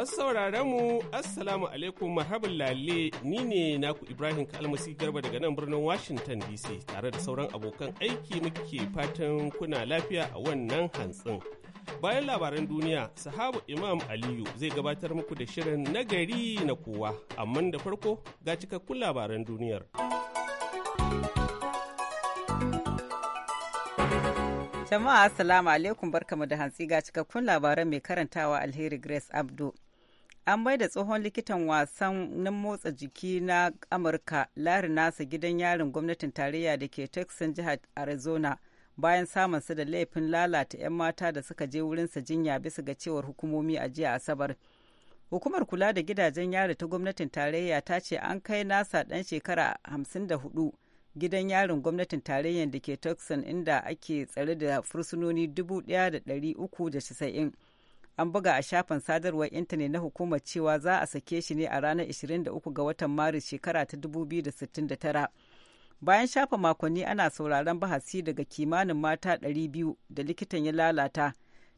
Masu sauraron mu Assalamu alaikum marhaban lalle ni ne naku Ibrahim Kalmasi Garba daga nan birnin Washington DC tare da sauran abokan aiki muke fatan kuna lafiya a wannan hantsin. Bayan labaran duniya, sahabu Imam Aliyu zai gabatar muku da shirin nagari na kowa, amma da farko ga cikakkun labaran duniyar. Jama'a Assalamu alaikum barkamu da hantsi ga cikakkun labaran mai karantawa Alheri Grace Abdu. an da tsohon likitan wasannin motsa jiki na amurka larry nasa gidan yarin gwamnatin tarayya da ke texas jihar arizona bayan samunsa da laifin lalata 'yan mata da suka je wurinsa jinya bisa ga cewar hukumomi a jiya asabar hukumar kula da gidajen yari ta gwamnatin tarayya ta ce an kai nasa dan shekara hamsin da hudu gidan yarin gwamnatin tarayyar da ke texas inda ake tsare da fursunoni dubu da uku 1390 an buga a shafin sadarwar intanet na hukumar cewa za a sake shi ne a ranar 23 ga watan maris shekara ta 2069 bayan shafa makonni ana sauraron bahasi daga kimanin mata 200 da likitan ya lalata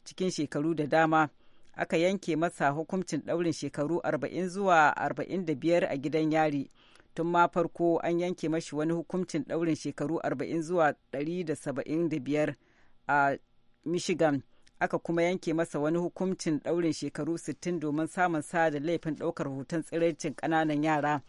cikin shekaru da dama aka yanke masa hukuncin ɗaurin shekaru 40 zuwa 45 a gidan yari tun ma farko an yanke mashi wani hukuncin ɗaurin shekaru 40 zuwa 175 a michigan aka kuma yanke masa wani hukuncin ɗaurin shekaru 60 domin samun sa da laifin ɗaukar hoton tsirancin ƙananan yara.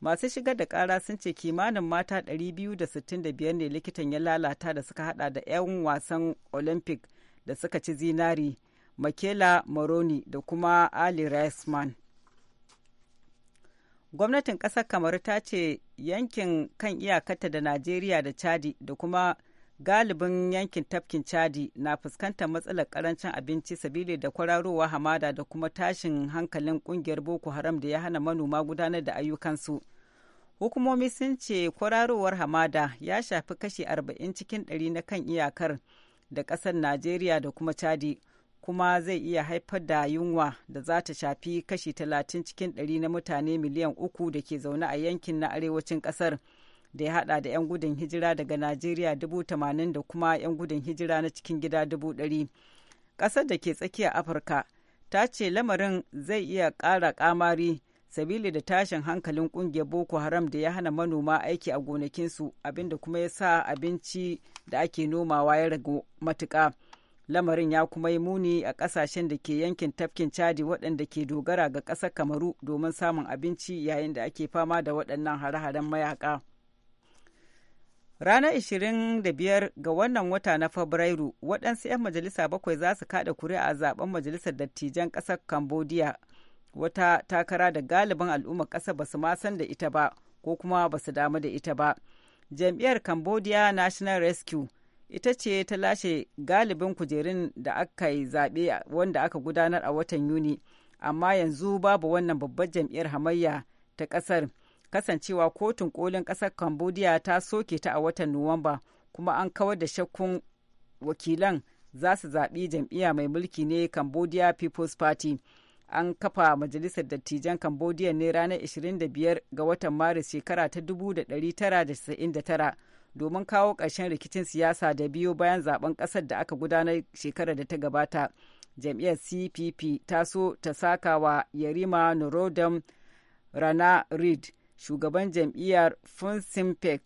Masu shigar da ƙara sun ce kimanin mata 265 ne likitan ya lalata da suka hada da 'yan wasan Olympic da suka ci zinari, Makela Moroni da kuma Ali Reisman. Gwamnatin ƙasar Kamaru ta ce yankin kan iyakarta da Najeriya da Chadi da kuma galibin yankin tafkin chadi na fuskantar matsalar karancin abinci sabili da kwararowa hamada da kuma tashin hankalin kungiyar boko haram da ya hana manoma gudanar da ayyukansu hukumomi sun ce kwararowar hamada ya shafi kashi 40 cikin 100 na kan iyakar da kasar najeriya da kuma chadi kuma zai iya haifar da yunwa da za ta shafi kashi 30 cikin 100 na mutane miliyan uku da ke zaune a yankin na arewacin kasar. da ya hada da 'yan gudun hijira daga Najeriya dubu tamanin da kuma 'yan gudun hijira na cikin gida dubu ɗari. Ƙasar da ke tsakiya Afirka ta ce lamarin zai iya ƙara ƙamari sabili da tashin hankalin ƙungiyar Boko Haram da ya hana manoma aiki a gonakinsu abinda kuma ya sa abinci da ake nomawa ya ragu matuƙa. lamarin ya kuma yi muni a ƙasashen da ke yankin tafkin chadi waɗanda ke dogara ga ƙasar kamaru domin samun abinci yayin da ake fama da waɗannan hare-haren mayaka Ranar biyar ga wannan wata na Fabrairu, waɗansu 'yan majalisa bakwai za su kaɗa kuri'a a zaben majalisar dattijan ƙasar Cambodia, wata takara da galibin al'ummar ƙasar ba su ma san da ita ba, ko kuma ba su damu da ita ba. Jam'iyyar Cambodia National Rescue ita ce ta lashe galibin kujerun da aka yi zaɓe wanda aka gudanar a watan Yuni, amma yanzu babu wannan babbar jam'iyyar hamayya ta ƙasar. kasancewa kotun kolin ƙasar cambodia ta soke ta a watan nuwamba kuma an kawar da shakkun wakilan za su zaɓi jam'iyya mai mulki ne cambodia people's party an kafa majalisar dattijan cambodia ne ranar 25 ga watan maris shekara ta 1999 domin kawo ƙarshen rikicin siyasa da biyo bayan zaben ƙasar da aka gudanar shekarar da ta gabata jam'iyyar cpp ta so ta saka wa yarima norodom rana reed shugaban jam'iyyar funsimpec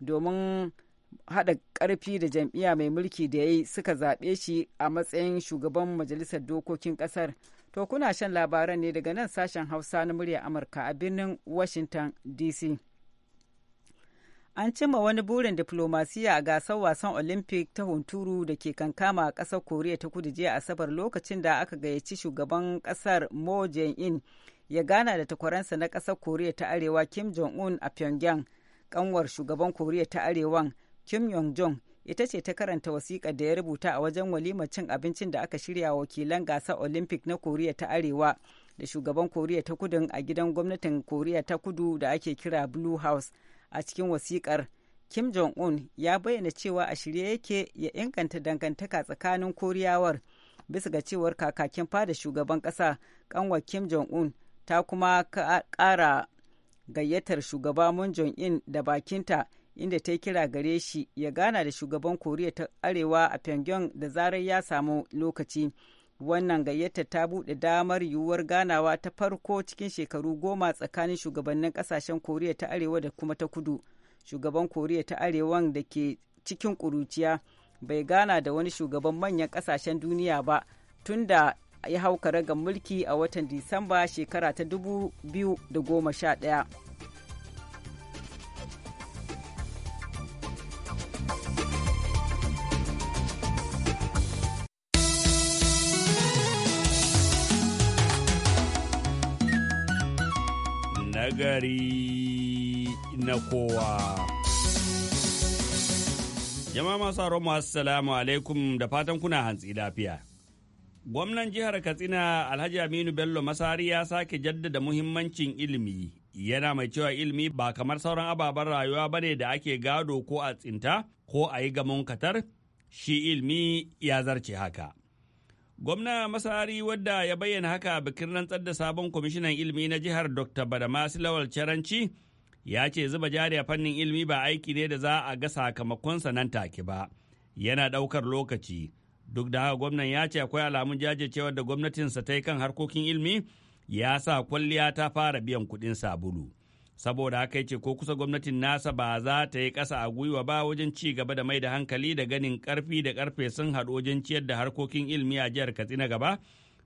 domin haɗa ƙarfi da jam'iyya mai mulki da ya yi suka zaɓe shi a matsayin shugaban majalisar dokokin ƙasar to kuna shan labaran ne daga nan sashen hausa na murya amurka a birnin washington dc an cimma wani burin diflomasiya a gasar wasan olympic ta hunturu da ke kankama a ƙasar koriya ta kudu jiya asabar lokacin da aka gayyaci shugaban ƙasar mo in ya gana da takwaransa na ƙasar koriya ta arewa kim jong-un a pyongyang kanwar shugaban koriya ta arewan kim yong jong ita ce ta karanta wasiƙa da ya rubuta a wajen walimar cin abincin da aka shirya wakilan gasar olympic na koriya ta arewa da shugaban koriya ta kudu a gidan gwamnatin koriya ta kudu da ake kira blue house a cikin wasiƙar kim jong-un ya bayyana cewa a shirye yake ya inganta dangantaka tsakanin koriyawar bisa ga cewar kakakin fada shugaban ƙasa kanwa kim jong-un ta kuma ƙara gayyatar shugaba Moon Jong-in da bakinta inda ta kira gare shi ya gana da shugaban Koriya ta Arewa a Pyongyang da zarar ya samu lokaci. Wannan gayyatar ta buɗe damar yiwuwar ganawa ta farko cikin shekaru goma tsakanin shugabannin ƙasashen Koriya ta Arewa da kuma ta kudu. Shugaban Koriya ta Arewan da ke cikin ƙuruciya bai gana da wani shugaban manyan ƙasashen duniya ba tun da ya hau karagar mulki a watan Disamba shekara ta 2011. nagari na kowa. Jama'a masu masu salamu alaikum da fatan kuna hantsi lafiya. Gwamnan jihar Katsina Alhaji Aminu Bello Masari ya sake jaddada muhimmancin ilimi. Yana mai cewa ilimi ba kamar sauran ababen rayuwa ne da ake gado ko a tsinta ko a yi gamon katar, shi ilimi ya zarce haka. Gwamna Masari wadda ya bayyana haka bikin rantsar da sabon kwamishinan ilimi na jihar Dr. Badamasi Lawal Charanci ya ce zuba jari a fannin ilimi ba aiki ne da za a ga sakamakonsa nan take ba. Yana ɗaukar lokaci. duk da haka gwamnan ya ce akwai alamun jajircewar da gwamnatinsa ta yi kan harkokin ilimi ya sa kwalliya ta fara biyan kuɗin sabulu saboda haka ya ce ko kusa gwamnatin nasa ba za ta yi ƙasa a gwiwa ba wajen ci gaba da mai da hankali da ganin ƙarfi da ƙarfe sun haɗu wajen ciyar da harkokin ilimi a jihar katsina gaba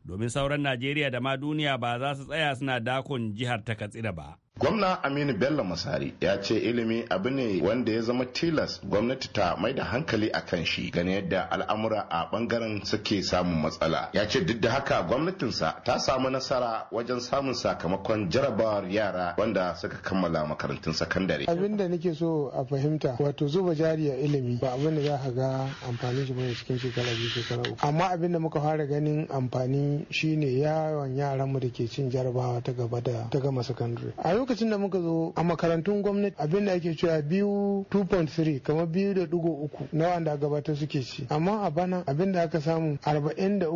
domin sauran najeriya da ma duniya ba za su tsaya suna dakon jihar ta katsina ba. Gwamna Aminu Bello Masari ya ce ilimi abu ne wanda ya zama tilas gwamnati ta mai da hankali a kan shi gane yadda al'amura a bangaren suke samun matsala. Ya ce duk da haka gwamnatinsa ta samu nasara wajen samun sakamakon jarabawar yara wanda suka kammala makarantun sakandare. Abin da nake so a fahimta wato zuba jari a ilimi ba abin da za ka ga amfanin shi bane cikin shekara biyu shekara uku. Amma abin da muka fara ganin amfani shine yawan yaran mu da ke cin jarabawa ta gaba da ta gama sakandare. lokacin da muka zo a makarantun gwamnati abin da ake cewa biyu 2.3 kamar biyu da dugo uku na wanda gabata suke ci amma a bana abin da aka samu arba'in da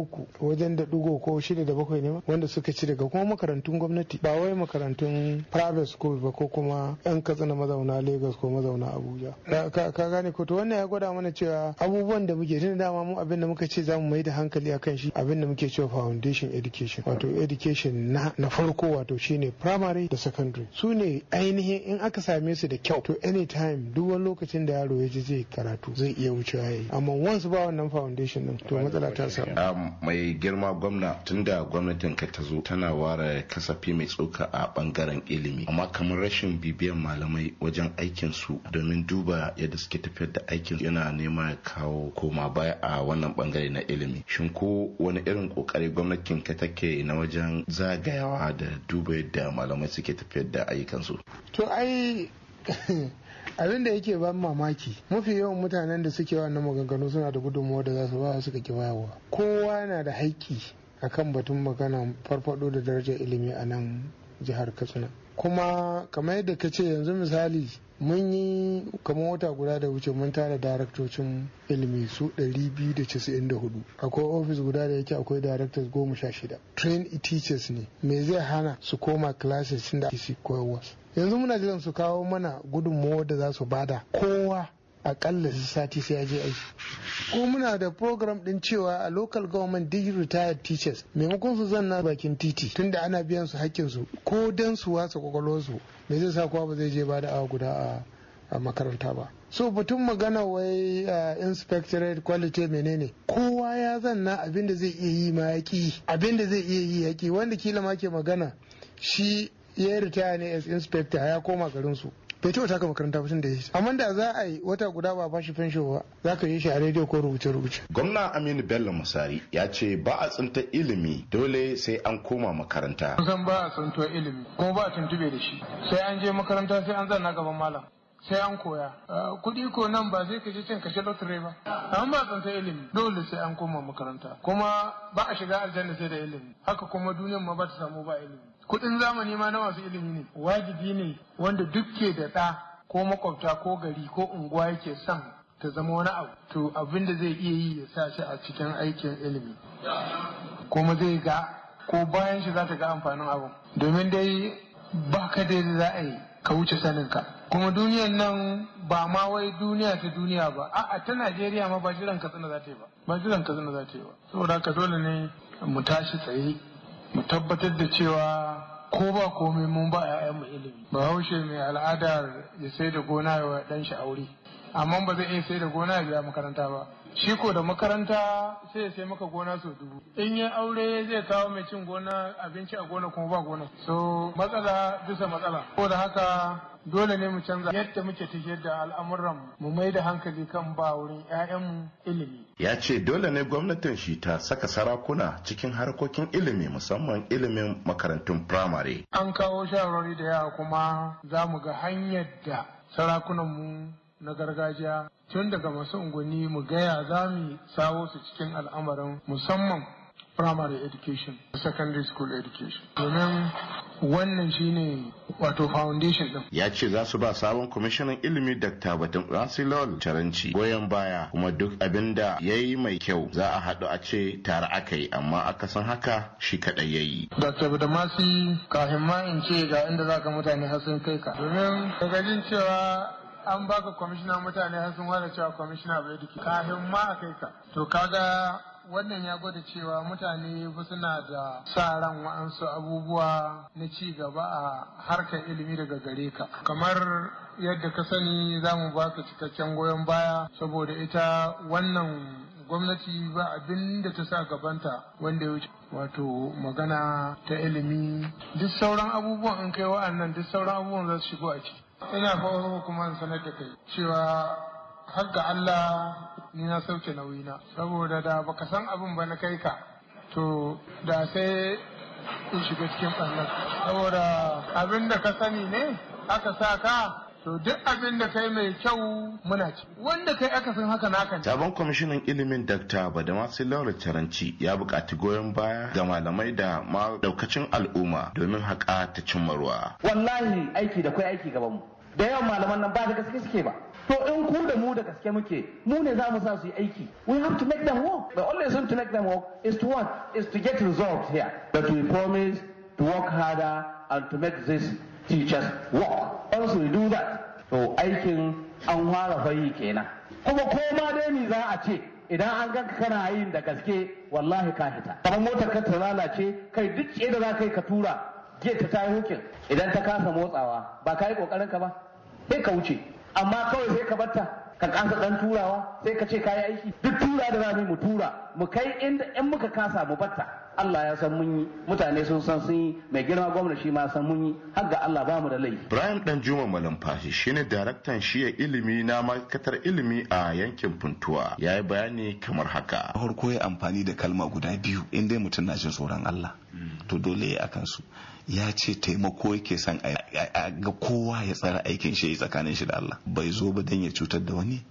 wajen da dugo ko shida da bakwai ne wanda suka ci daga kuma makarantun gwamnati ba wai makarantun private school ba ko kuma yan katsina mazauna lagos ko mazauna abuja ka gane ko to wannan ya gwada mana cewa abubuwan da muke tun dama mu abin da muka ce za mu mai da hankali akan shi abin da muke cewa foundation education wato education na farko wato shine primary da secondary wato su ne ainihin in aka same su da kyau to anytime duk wani lokacin da yaro ya ji zai karatu zai iya wucewa yayi amma once ba wannan foundation din to matsala ta sa mai girma gwamna tunda gwamnatin ka ta zo tana ware kasafi mai tsoka a bangaren ilimi amma kamar rashin bibiyan malamai wajen aikin su domin duba yadda suke tafiyar da aikin yana nema ya kawo koma baya a wannan bangare na ilimi shin ko wani irin kokari gwamnatin ka take na wajen zagayawa da duba yadda malamai suke tafiyar da ayyukansu to ai abin da yake ban mamaki mafi yawan mutanen da suke wannan maganganu suna da gudunmawa da za su ba suka ki bayarwa kowa na da haƙƙi akan batun magana farfado da darajar ilimi a nan jihar katsina kuma kamar yadda ka ce yanzu misali mun yi kamar wata guda da wuce mun tara daraktocin ilimi su 294 akwai ofis guda da yake akwai directors goma sha shida train teachers ne me zai hana su koma classes da ake koyarwa yanzu muna jiran su kawo mana gudunmawar da za su bada kowa akalla sati sai ya je aiki ko muna da program din cewa a local government duk retired teachers maimakon su zanna bakin titi tunda ana biyan su hakkin su ko dan su wasa kwakwalwarsu me zai sa kowa ba zai je ba da awa guda a a makaranta ba. So batun magana wai uh, inspectorate quality menene kowa ya zanna abin da zai iya yi ma yaki abin zai iya yi yaki wanda kila ma ke magana shi ya ritaya ne as inspector ya koma garin su bai taɓa taka makaranta ba tun da ya yi amma da za a yi wata guda ba bashi fensho ba za ka yi shi a rediyo ko rubuce-rubuce. gwamna aminu bello musari ya ce ba a tsinta ilimi dole sai an koma makaranta. kusan ba a tsinta ilimi kuma ba a tuntube da shi sai an je makaranta sai an zanna gaban malam. sai an koya kuɗi ko nan ba zai kashe cin kashe lotare ba an ba tsanta ilimi dole sai an koma makaranta kuma ba a shiga aljanna sai da ilimi haka kuma duniyar ma ba ta samu ba ilimi kuɗin zamani ma na masu ilimi ne wajibi ne wanda duk ke da ɗa ko makwabta ko gari ko unguwa yake son ta zama wani abu to abin da zai iya yi ya sa shi a cikin aikin ilimi kuma zai ga ko bayan shi za ta ga amfanin abun. domin dai ba ka dai za a yi ka wuce saninka kuma duniyan nan ba ma wai duniya ta duniya ba a'a ta Najeriya ma ba jiran katsina za ta yi ba ba jiran katsina za ta yi ba saboda haka dole ne mu tashi tsaye mu tabbatar da cewa ko ba komai mun ba mu ilimi Ba haushe mai al'adar ya sai da gona ya dan shi aure amma ba zai iya sai da gona ya biya makaranta ba shi ko da makaranta sai ya sai maka gona sau dubu in yi aure zai kawo mai cin gona abinci a gona kuma ba gona so matsala bisa matsala ko da haka dole ne mu canza yadda muke tafiyar da al'amuran mu mai da hankali kan ba wurin 'ya'yanmu ilimi ya ce dole ne gwamnatin shi ta saka sarakuna cikin harkokin ilimi musamman ilimin makarantun firamare. An kawo shawarwari da yawa kuma za mu ga hanyar da sarakunanmu na gargajiya tun daga masu unguwanni mu gaya za mu sawo su cikin al'amarin musamman primary education secondary school education domin wannan shine wato foundation din ya ce za su ba sabon kwamishinan ilimi dr batun rasilol taranci goyon baya kuma duk abin da ya yi mai kyau za a haɗu a ce tare aka yi amma aka san haka shi kaɗai ya yi dr badamasi kafin ma in ce ga inda za ka mutane har sun kai ka domin daga cewa an baka kwamishinan mutane har sun wada cewa kwamishina bai duki kafin ma a kai ka to kaga wannan ya gwada cewa mutane ba suna da sa ran wa'ansu abubuwa na ci gaba a harkar ilimi daga gare ka kamar yadda ka sani za mu baka cikakken goyon baya saboda ita wannan gwamnati ba abin da ta sa gabanta wanda ya wuce wato magana ta ilimi duk sauran abubuwan in kai wa'annan duk sauran abubuwan za su shigo a ciki ina fa'o kuma sanar da kai cewa har ga Allah ni na sauke nauyina saboda da baka san abin ba na kai ka to da sai in shiga cikin ɓannan saboda abin da ka sani ne aka sa ka To duk abin da kai mai kyau muna ci. Wanda kai aka san haka naka. Sabon kwamishinan ilimin Dr. Badamasi Laura Taranci ya bukati goyon baya ga malamai da ma daukacin al'umma domin haƙa ta cimma ruwa. Wallahi aiki da kai aiki gaban mu. Da yawan malaman nan ba da gaske suke ba. To in ku da mu da gaske muke, mu ne za mu sa su yi aiki. We have to make them work. The only solution to make them work is to what? Is to get results here. But we promise to work harder and to make these teachers work. Once we do that, to so, aikin an fara fayi kenan. Kuma koma dai ni za a ce, idan an ganka kana yin da gaske wallahi ka hita kamar motar ka lalace kai duk ce da za kai yi ka tura gate ta tayi hukin idan ta kasa motsawa ba ka yi kokarin ka ba sai ka wuce amma kawai sai ka batta ka kasa dan turawa sai ka ce ka yi aiki duk tura da rami mu tura mu kai inda in muka kasa mu batta Allah ya san mun yi mutane sun san sun yi mai girma gwamna shi ma san mun yi har ga Allah ba mu da laifi Ibrahim dan Juma fashi shine daraktan ya ilimi na makatar ilimi a yankin Funtuwa yayi bayani kamar haka farko ya amfani da kalma guda biyu in dai mutum na jin tsoron Allah to dole akan su ya ce taimako yake son a ga kowa ya tsara aikin shi tsakanin shi da Allah bai zo ba dan ya cutar da wani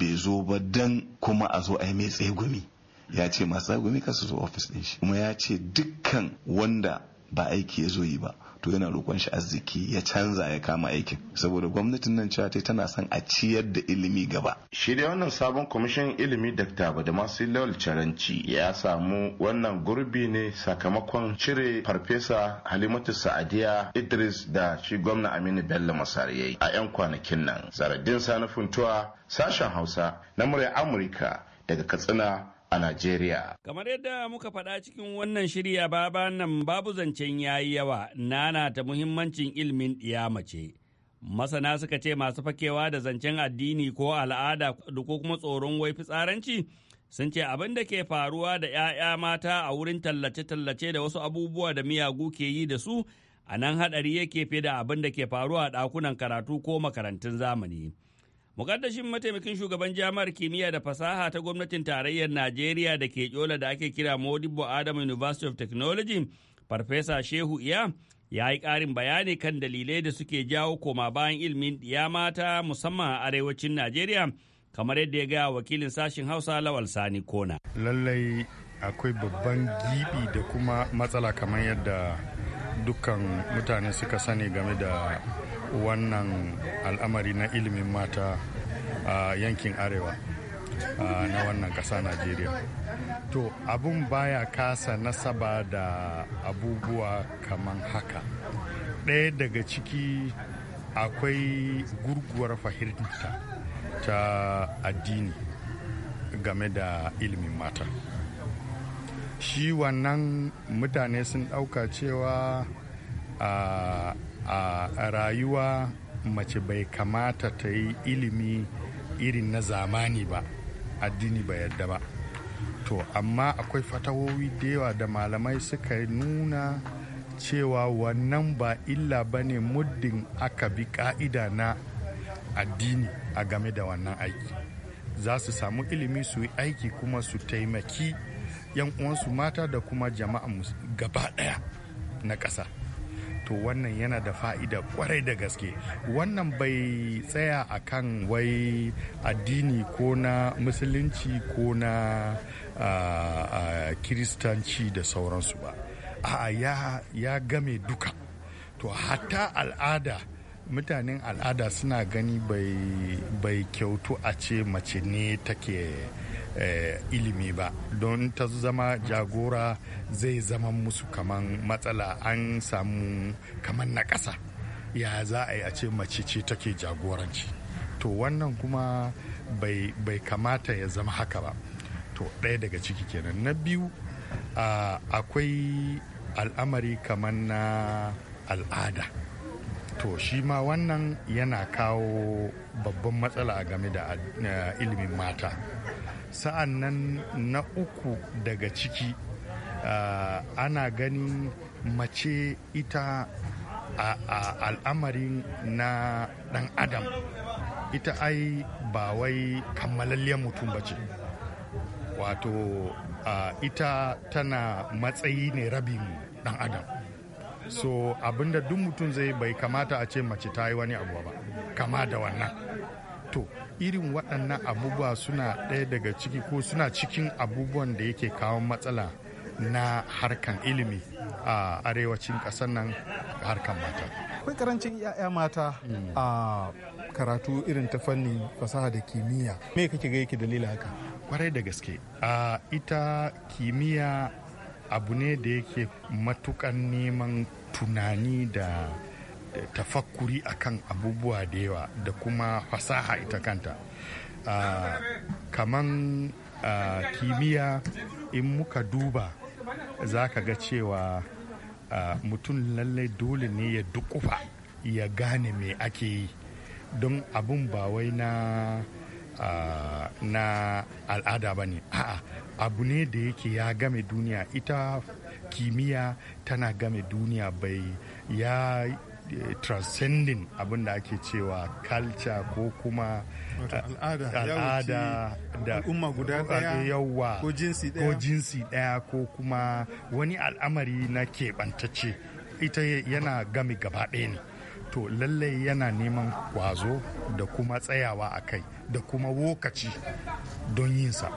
bai zo ba dan kuma a zo a yi mai tsegumi ya ce masu tsegumi su zo ofis din shi kuma ya ce dukkan wanda ba aiki ya zo yi ba to yana roƙon shi arziki ya canza ya kama aikin saboda gwamnatin nan cewa ta tana son a ciyar da ilimi gaba shi da wannan sabon kwamishin ilimi da badamasi lawal caranci ya samu wannan gurbi ne sakamakon cire farfesa halimatu sa'adiya idris da shi gwamna aminu bello masariyai a 'yan kwanakin nan zaradin sanufin tuwa sashen hausa na murya amurka daga katsina a Najeriya. Kamar yadda muka faɗa cikin wannan shirya baba nan babu zancen yayi yawa nana ta muhimmancin ilimin mace. Masana suka ce masu fakewa da zancen addini ko al'ada ko kuma tsoron wai fitsaranci sun ce abin da ke faruwa da 'ya'ya mata a wurin tallace-tallace da wasu abubuwa da miyagu ke yi da su a nan haɗari yake fi da abin da ke faruwa a ɗakunan karatu ko makarantun zamani. Mukaddashin mataimakin shugaban jami'ar kimiyya da fasaha ta gwamnatin tarayyar Najeriya da ke Yola da ake kira Modibo Adam University of Technology, Farfesa Shehu Iya, ya yi ƙarin bayani kan dalilai da suke jawo koma bayan ilimin ɗiya mata musamman a arewacin Najeriya, kamar yadda ya ga wakilin sashen Hausa Lawal Sani Kona. Lallai akwai babban gibi da kuma matsala kamar yadda dukkan mutane suka sani game da wannan al'amari na ilimin mata a yankin arewa na wannan ƙasa najeriya to abun baya kasa nasaba da abubuwa kamar haka ɗaya daga ciki akwai gurguwar fahimta ta addini game da ilimin mata shi wannan mutane sun ɗauka cewa a rayuwa mace bai kamata ta yi ilimi irin na zamani ba addini ba yadda ba to amma akwai fatawowi da yawa da malamai suka nuna cewa wannan ba illa ba ne muddin aka bi ka'ida na addini a game da wannan aiki za su samu ilimi su yi aiki kuma su taimaki 'yan uwansu mata da kuma jama'an gaba daya na ƙasa to wannan yana da fa'ida kwarai da gaske wannan bai tsaya a kan wai addini ko na musulunci ko na kiristanci da sauransu ba a'a ya game duka to hatta al'ada mutanen al'ada suna gani bai kyautu a ce mace ne take eh, ilimi ba don ta zama jagora zai zama musu kaman matsala an samu kaman na ƙasa ya za a yi a ce mace ce take jagoranci to wannan kuma bai kamata ya zama haka ba to ɗaya daga ciki kenan na biyu ah, akwai al'amari kaman na al'ada to shi ma wannan yana kawo babban matsala game da eh, ilimin mata sa'an nan na uku daga ciki eh, ana ganin mace ita a al'amarin na dan adam ita ai ba wai kammalalliyar mutum ba ce wato eh, ita tana matsayi ne rabin dan adam so abinda duk mutum zai bai kamata a ce mace ta yi wani abu ba kama da wannan to irin waɗannan abubuwa suna ɗaya daga ciki ko suna cikin abubuwan da yake kawo matsala na harkan ilimi a arewacin ƙasar nan harkan mata akwai karancin 'ya'ya mata a karatu irin ta fanni fasaha da kimiyya me kake ga yake dalila haka kwarai da gaske ita kimiyya abu ne da yake matukan neman tunani da tafakkuri akan abubuwa da yawa da kuma fasaha ita kanta ah, kaman ah, kimiyya in muka duba za ka ga cewa ah, mutum lallai dole ne ya dukufa ya gane me ake yi don abin ba wai na al'ada ba ne a'a abu ne da yake ya game duniya ita kimiyya tana game duniya bai ya eh, transcending abin da ake cewa culture ko kuma eh, al'ada da al'umma guda daya eh, ko jinsi daya ko kuma wani al'amari na keɓantacce ita yana game gaba ɗaya ne to lallai yana neman kwazo da kuma tsayawa a kai da kuma wokaci don yinsa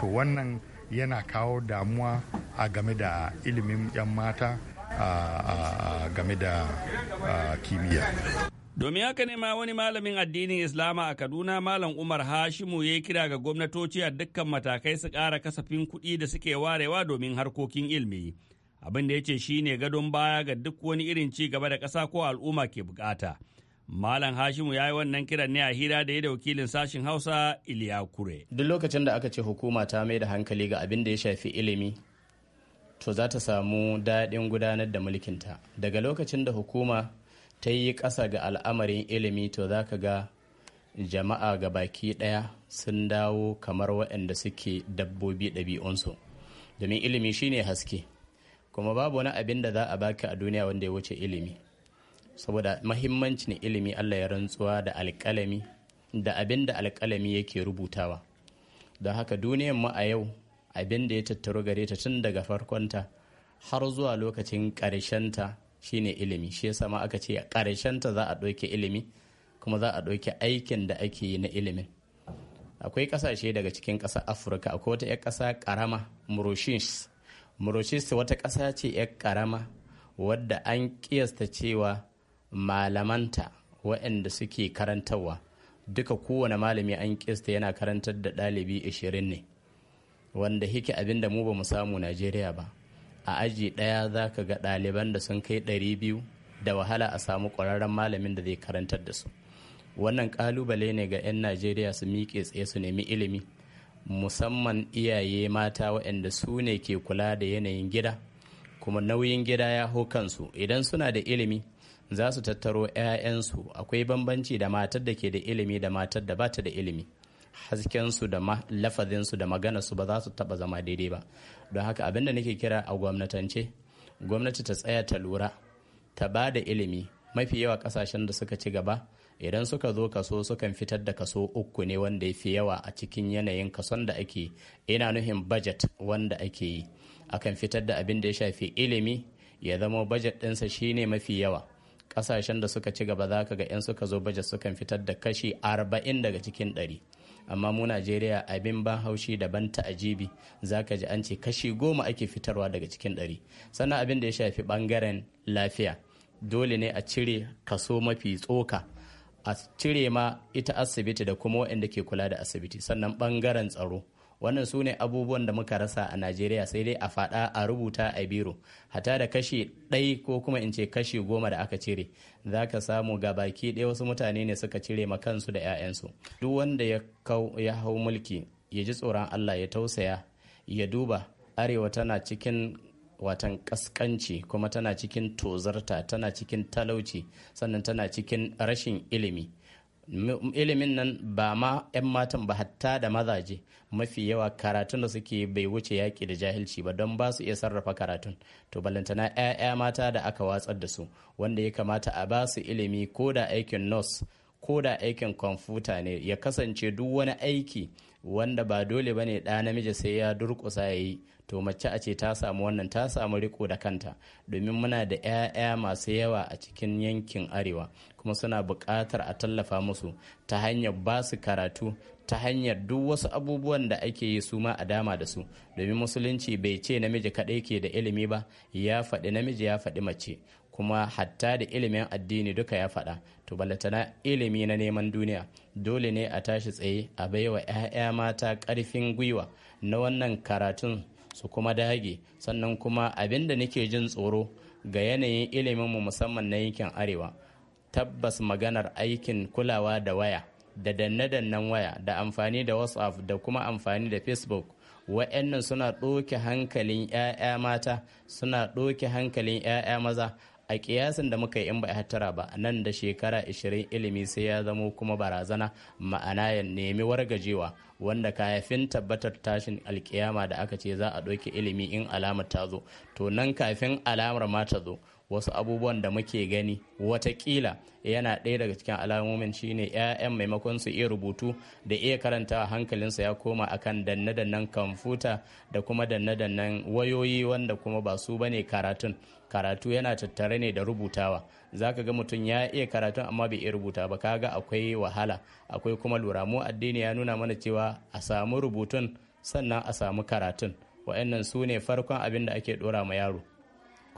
to wannan yana kawo damuwa a game da ilimin 'yan mata a game da kimiyya Domin haka ne ma wani malamin addinin Islama a Kaduna Malam Umar Hashimu ya kira ga gwamnatoci a dukkan matakai su kara kasafin kuɗi da suke warewa domin harkokin ilimi. Abin da ya ce shine gadon baya ga duk wani irin ci gaba da ƙasa ko al'umma ke bukata. Malam Hashimu ya yi wannan kiran ne a hira da ya da wakilin sashen Hausa Iliya Kure. Duk lokacin da aka ce hukuma ta mai da hankali ga abin da ya shafi ilimi, to za ta samu daɗin gudanar da mulkinta. Daga lokacin da hukuma ta yi ƙasa ga al'amarin ilimi, to za ka ga jama'a ga baki ɗaya sun dawo kamar waɗanda suke dabbobi ɗabi'unsu. Domin ilimi shine haske, kuma babu wani abin da za a baki a duniya wanda ya wuce ilimi. saboda mahimmancin ilimi allah ya rantsuwa da alƙalami da abin da alƙalami yake rubutawa don haka duniyan mu a yau abin da ya tattaru gare ta tun daga farkonta har zuwa lokacin ƙarshenta shine ilimi shi yasa ma aka ce ƙarshenta za a ɗauki ilimi kuma za a ɗauki aikin da ake yi na ilimin akwai ƙasashe daga cikin ƙasar afirka akwai wata 'yar ƙasa ƙarama muroshis murushis wata ƙasa ce 'yar ƙarama wadda an ƙiyasta cewa malamanta waɗanda suke karantarwa duka kowane malami an kista yana karantar da ɗalibi ashirin ne wanda hike abin da mu ba mu samu najeriya ba a aji ɗaya za ka ga ɗaliban da sun kai ɗari biyu da wahala a samu ƙwararren malamin da zai karantar da su wannan ƙalubale ne ga 'yan najeriya su miƙe tsaye su nemi ilimi musamman iyaye mata waɗanda su ne ke kula da yanayin gida kuma nauyin gida ya hau kansu idan suna da ilimi za su tattaro 'ya'yansu akwai bambanci da matar da ke da ilimi da matar da bata da ilimi haskensu da lafazinsu da maganarsu ba za su taba zama daidai ba don haka abin da nake kira a gwamnatance gwamnati ta tsaya ta lura ta ba da ilimi mafi yawa kasashen da suka ci gaba idan suka zo kaso sukan fitar da kaso uku ne wanda ya fi yawa a cikin yanayin kason da ake ina nuhin budget wanda ake yi akan fitar da abin da ya shafi ilimi ya zama budget ɗinsa shine mafi yawa kasashen da suka ci gaba za ka ga 'yan suka zo baje sukan fitar da kashi 40 daga cikin 100 amma mu najeriya abin ban haushi daban ta ajibi za ka ji an ce kashi goma ake fitarwa daga cikin 100 sannan abin da ya shafi bangaren lafiya dole ne a cire kaso mafi tsoka a cire ma ita asibiti da kuma waɗanda ke kula da asibiti sannan bangaren tsaro wannan su ne abubuwan da muka rasa a najeriya sai dai a fada a rubuta a biro hata da kashi ɗai ko kuma in ce kashi goma da aka cire za ka samu ga baki ɗaya wasu mutane ne suka cire ma kansu da 'ya'yansu duk wanda ya hau mulki ya ji tsoron allah ya tausaya ya duba arewa tana cikin watan kaskanci kuma tana cikin tozarta tana cikin talauci sannan tana cikin rashin ilimi ilimin nan ba ma 'yan matan ba hatta da mazaje mafi yawa karatun da suke bai wuce yaƙi da jahilci ba don ba su iya sarrafa karatun to balantana 'ya'ya mata da aka watsar da su wanda ya kamata a ba su ilimi ko da aikin nurse ko da aikin kwamfuta ne ya kasance duk wani aiki wanda ba dole ba ne ɗa namiji sai ya durƙusa ya yi to mace a ce ta samu wannan ta samu riko da kanta domin muna da 'ya'ya masu yawa a cikin yankin arewa kuma suna buƙatar a tallafa musu ta hanyar ba su karatu ta hanyar duk wasu abubuwan da ake yi su ma a dama da su domin musulunci bai ce namiji kaɗai ke da ilimi ba ya faɗi namiji ya faɗi mace kuma hatta da ilimin addini duka ya faɗa to ballatana ilimi na neman duniya dole ne a tashi tsaye a baiwa 'ya'ya mata ƙarfin gwiwa na wannan karatun su kuma dage sannan kuma abin da nake jin tsoro ga yanayin ilimin mu musamman na yankin arewa tabbas maganar aikin kulawa da waya da danne-dannen waya da amfani da whatsapp da kuma amfani da facebook wa'annan suna ɗoke hankalin 'ya'ya mata suna ɗoke hankalin 'ya'ya maza a kiyasin da muka yi in ba a hattara ba nan da shekara 20 ilimi sai ya zamo kuma barazana ma'ana ya nemi wargajewa wanda kafin tabbatar tashin alkiyama da aka ce za a ɗauki ilimi in alamar ta zo to nan kafin alamar ma ta zo wasu abubuwan da muke gani watakila yana ɗaya daga cikin alamomin shine 'ya'yan maimakon su iya rubutu da iya karanta hankalinsa ya koma akan danne-dannen kamfuta da kuma danne-dannen wayoyi wanda kuma ba su bane karatun karatu yana tattare ne da rubutawa zaka ga mutum ya iya karatun amma bai iya rubuta ba ka ga akwai wahala akwai kuma lura mu addini ya nuna mana cewa a samu rubutun sannan a samu karatun wa'annan su ne farkon abin da ake dora ma yaro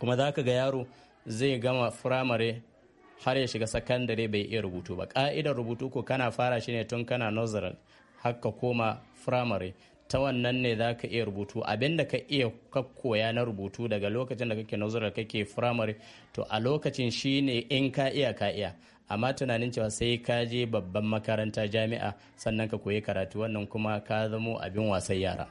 kuma za ka ga yaro zai gama firamare har ya shiga sakandare bai iya rubutu ba ka'idar rubutu ko kana fara shi ne tun kana nursery har ka koma firamare ta wannan ne za ka iya rubutu abinda da ka iya koya na rubutu daga lokacin da kake nursery kake firamare to a lokacin shi ne in ka iya ka iya amma tunanin cewa sai ka je babban makaranta jami'a sannan ka koyi karatu wannan kuma ka zamo abin wasan yara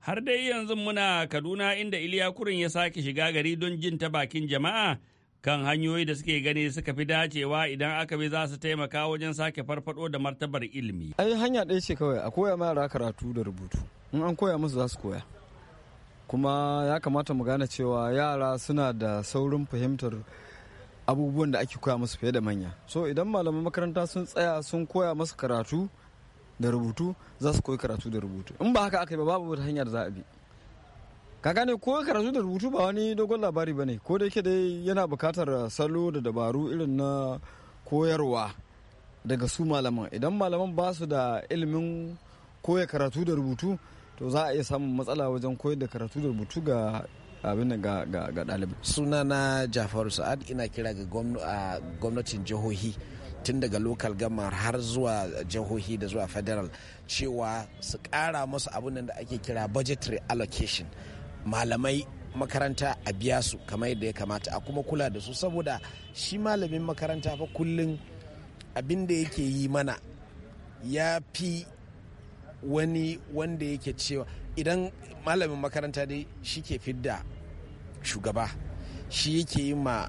Har dai yanzu muna Kaduna inda Iliya Kurin ya sake shiga gari don jin ta bakin jama'a kan hanyoyi da suke gani suka fi dacewa idan aka bi za su taimaka wajen sake farfado da martabar ilimi. Ai hanya ɗaya ce kawai a koya yara karatu da rubutu. In an koya musu za su koya. Kuma ya kamata mu gane cewa yara suna da saurin fahimtar abubuwan da ake koya musu fiye da manya. So idan malaman makaranta sun tsaya sun koya musu karatu da rubutu za su koyi karatu da rubutu in ba haka aka yi ba babu wata hanyar za a bi ka gane ko karatu da rubutu ba wani dogon labari ba ne ko da yake dai yana bukatar salo da dabaru irin na koyarwa daga su malaman idan malaman ba su da ilimin koya karatu da rubutu to za a iya samun matsala wajen koyar da karatu da rubutu ga abin ga ga ɗalibi na jafaru sa'ad ina kira ga gwamnatin jihohi tun daga local gama har zuwa jihohi da zuwa federal cewa su kara musu abin da ake kira budgetary allocation malamai makaranta a biya su kamar yadda ya kamata a kuma kula da su saboda shi malamin makaranta fa kullum abin da yake yi mana ya fi wani wanda yake cewa idan malamin makaranta dai shi ke fidda shugaba shi yake yi ma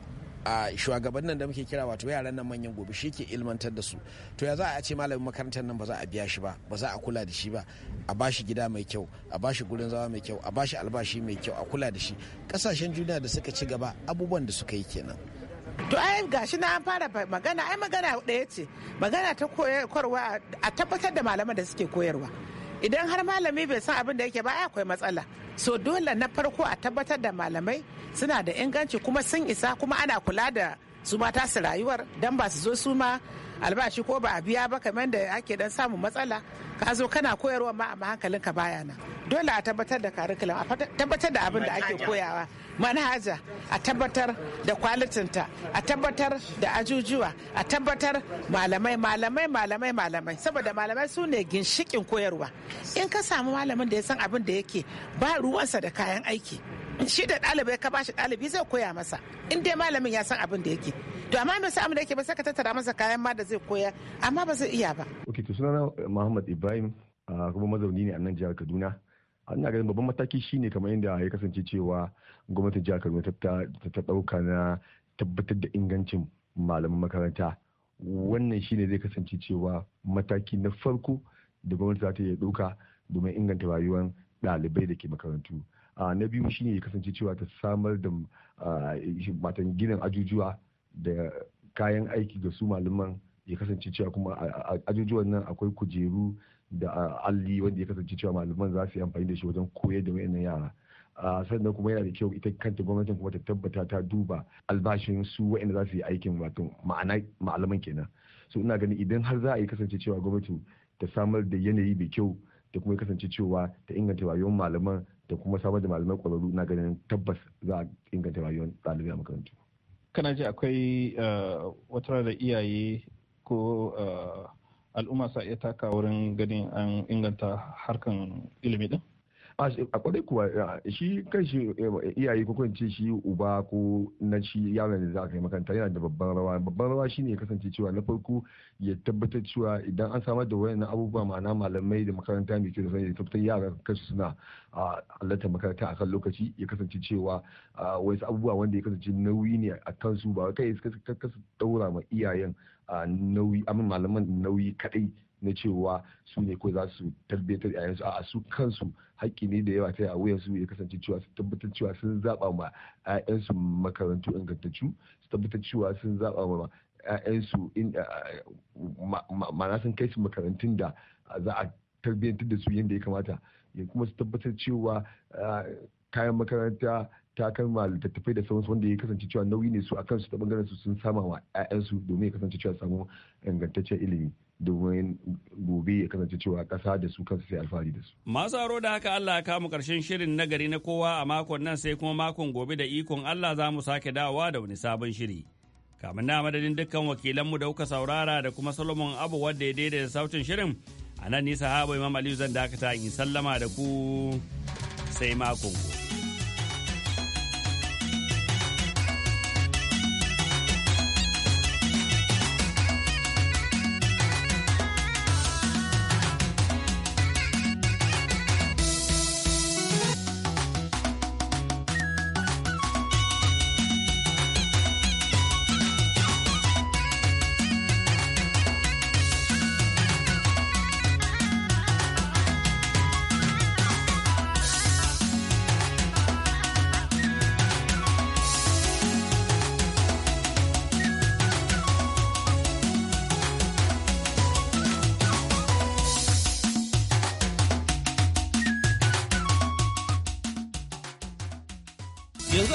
a shugaban nan da muke kira wato yaran nan manyan gobe shi ke ilmantar da su to ya za a ce malamin makarantar nan ba za a biya shi ba ba za a kula da shi ba a bashi gida mai kyau a bashi gurin zama mai kyau a bashi albashi mai kyau a kula da shi kasashen duniya da suka ci gaba abubuwan da suka yi kenan to ai gashi na an fara magana ai magana daya ce magana ta koyarwa a tabbatar da malaman da suke koyarwa idan har malami bai san abin da yake ba akwai matsala so dole na farko a tabbatar da malamai suna da inganci kuma sun isa kuma ana kula da su ma tasu rayuwar dan ba su zo su ma albashi ko ba a biya ba kamar da ake dan samun matsala ka zo kana koyarwa ma amma hankalin ka baya na dole a tabbatar da curriculum a tabbatar da abin da ake koyawa manhaja a tabbatar da kwalitinta a tabbatar da ajujuwa a tabbatar malamai malamai malamai malamai saboda malamai su ne ginshikin koyarwa in ka samu malamin da ya san abin da yake ba ruwansa da kayan aiki shi da ɗalibai ka bashi ɗalibi zai koya masa in dai malamin ya san abin da yake to amma mai sa'amu da yake ba sai ka tattara masa kayan ma da zai koya amma ba zai iya ba ok to sunana eh, Muhammad Ibrahim ah, kuma mazauni ne a nan jihar Kaduna ah, ina ganin babban mataki shine kamar yadda ya kasance cewa gwamnatin jihar Kaduna ta ɗauka na tabbatar da ingancin malaman makaranta wannan shine zai kasance cewa mataki na farko da gwamnati za ta iya ɗauka domin inganta rayuwar ɗalibai da ke makarantu na biyu shine ya kasance cewa ta samar da matan ginin ajujuwa da kayan aiki ga su malaman ya kasance cewa kuma ajujuwan nan akwai kujeru da alli wanda ya kasance cewa malaman za su yi amfani da shi wajen koyar da wayannan yara sannan kuma yana da kyau ita kanta gwamnatin kuma ta tabbata ta duba albashin su wa'anda za su yi aikin wato ma'ana malaman kenan so ina ganin idan har za a yi kasance cewa gwamnati ta samar da yanayi mai kyau da kuma kasance cewa ta inganta rayuwar malaman da kuma samar da malamai kwararru na ganin tabbas za a inganta rayuwar ɗalibai a makarantu. kana ji akwai eh, wata da iyaye ko eh, al'umma sa iya taka wurin ganin an inganta harkan ilimi din? a kwarai kuwa shi kan shi iyaye ko kwanci shi uba ko na shi yara da za a kai makaranta yana da babban rawa babban rawa shi ya kasance cewa na farko ya tabbatar cewa idan an samar da wani abubuwa ma'ana malamai da makaranta mai kyau da sanya tabbatar yaran kansu suna halatta makaranta a kan lokaci ya kasance cewa wasu abubuwa wanda ya kasance nauyi ne a kansu ba kai suka daura ma iyayen nauyi amin malaman nauyi kadai na cewa su ne kawai za su tarbiyyar yayansu a su kansu haƙƙi ne da yawa ta a su ya kasance cewa su tabbatar cewa sun zaɓa ma 'ya'yansu makarantu ingantaccu su tabbatar cewa sun zaɓa ma 'ya'yansu ma'ana sun kai su makarantun da za a tarbiyyantar da su yadda ya kamata ya kuma su tabbatar cewa kayan makaranta takalma littattafai da sauransu wanda ya kasance cewa nauyi ne su a kansu ta bangaren su sun sama wa 'ya'yansu domin ya kasance cewa samu ingantaccen ilimi domin gobe ya kasance cewa ƙasa da su kansu sai alfahari da su. Masu aro da haka Allah ya kamu ƙarshen shirin na gari na kowa a makon nan sai kuma makon gobe da ikon Allah za mu sake dawowa da wani sabon shiri. Kamin na madadin dukkan wakilanmu da kuka saurara da kuma Solomon Abu wadda ya daidaita sautin shirin a nan nisa habu Imam Aliyu zan dakata in sallama da ku sai makon gobe.